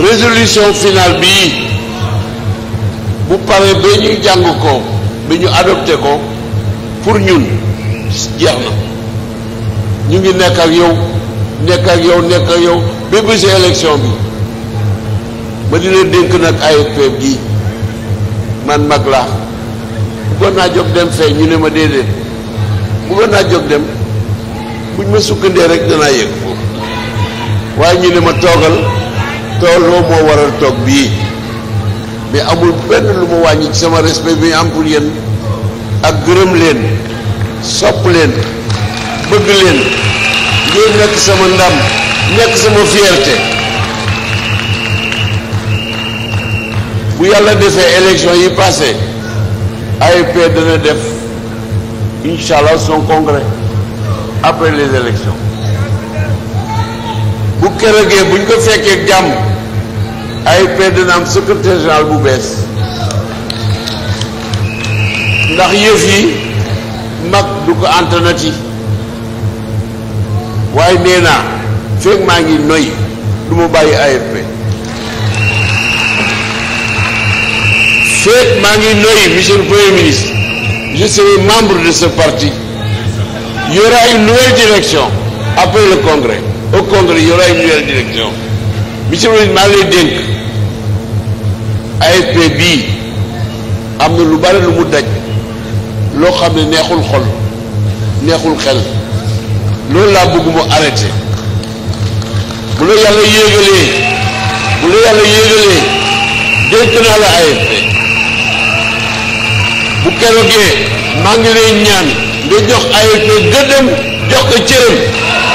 résolution finale bi bu pare ba ñu jàng ko ba ñu adopté ko pour ñun jeex na ñu ngi nekk ak yow nekk ak yow nekk ak yow ba bési élection bi ma dina dénk nag AFP gi man mag la bëggoon naa jóg dem fee ñu ne ma déedéet bëggoon naa jóg dem buñ ma sukkandee rek danaa yëg foofu waaye ñu ne ma toogal. tooloo moo waral toog bii mais amul benn lu ma wàññi ci sama respect bi am pour yéen ak gërëm leen sopp leen bëgg leen ngeen nekk sama ndam nekk sama fierté bu yàlla defee élection yi passé AFP dana def incha allah son congre après les élections kërëgee buñ ko fekkee jàmm AIP dina am secrétaire général bu bees ndax yëf yi mag du ko antanati waaye nee naa maa ngi noy du ma bàyyi AFP feeg maa ngi noy monsieur le premier ministre je serai membre de ce parti il nouvelle direction après le congrès au contraire y aura une nouvelle direction maa lay dénk AFP bii am na lu bari lu mu daj loo xam ne neexul xol neexul xel loolu laa bëgg mu bu la yàlla yéegalee bu la yàlla yéegalee dénk naa la AFP bu keroogee maa ngi lay ñaan nga jox AFP gëddam jox ko cëram